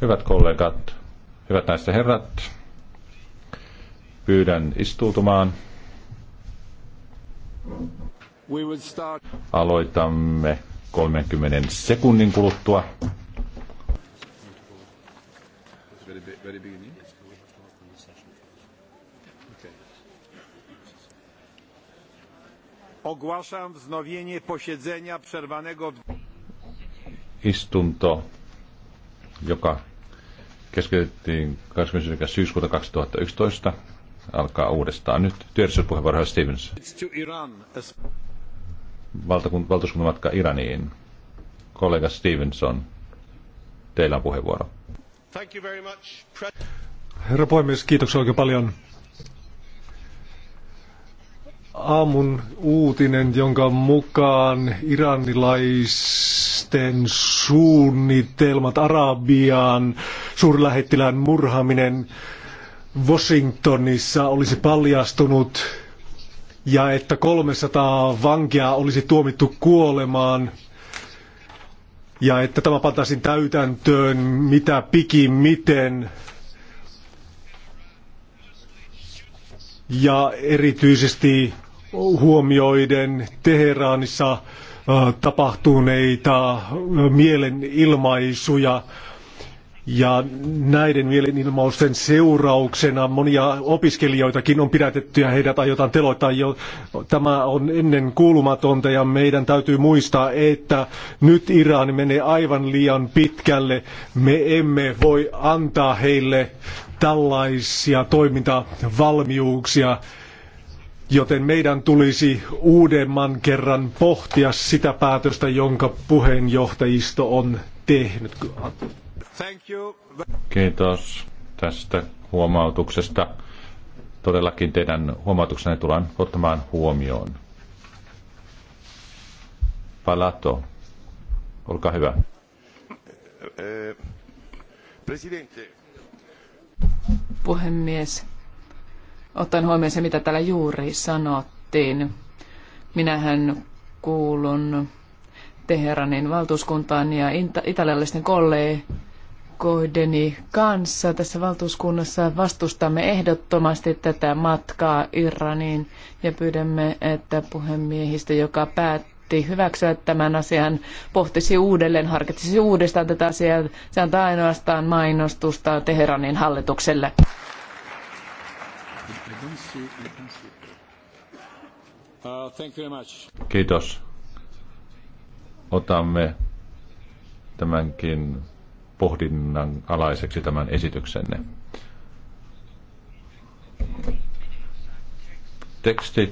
Hyvät kollegat, hyvät näistä herrat, pyydän istuutumaan. Aloitamme 30 sekunnin kuluttua. Ogłaszam wznowienie posiedzenia przerwanego Istunto joka keskeytettiin 20. syyskuuta 2011, alkaa uudestaan. Nyt työllisyyspuheenvuoro Stevens. Valtuuskunnan matka Iraniin. Kollega Stevenson, teillä on puheenvuoro. Thank you very much. Herra puhemies, kiitoksia oikein paljon. Aamun uutinen, jonka mukaan iranilais pakolaisten suunnitelmat, Arabiaan, suurlähettilään murhaaminen Washingtonissa olisi paljastunut ja että 300 vankia olisi tuomittu kuolemaan ja että tämä pantaisiin täytäntöön mitä pikimiten. Ja erityisesti huomioiden Teheranissa äh, tapahtuneita äh, mielenilmaisuja. Ja näiden mielenilmausten seurauksena monia opiskelijoitakin on pidätetty ja heidät aiotaan teloittaa. Jo. Tämä on ennen kuulumatonta ja meidän täytyy muistaa, että nyt Iran menee aivan liian pitkälle. Me emme voi antaa heille tällaisia toimintavalmiuksia. Joten meidän tulisi uudemman kerran pohtia sitä päätöstä, jonka puheenjohtajisto on tehnyt. Kiitos tästä huomautuksesta. Todellakin teidän huomautuksenne tullaan ottamaan huomioon. Palato, olkaa hyvä. Eh, presidente. Puhemies, ottaen huomioon se, mitä täällä juuri sanottiin. Minähän kuulun Teheranin valtuuskuntaan ja italialaisten kollegoideni kanssa tässä valtuuskunnassa vastustamme ehdottomasti tätä matkaa Iraniin ja pyydämme, että puhemiehistä, joka päätti hyväksyä tämän asian, pohtisi uudelleen, harkitsisi uudestaan tätä asiaa. Se antaa ainoastaan mainostusta Teheranin hallitukselle. Uh, Kiitos. Otamme tämänkin pohdinnan alaiseksi tämän esityksenne. Tekstit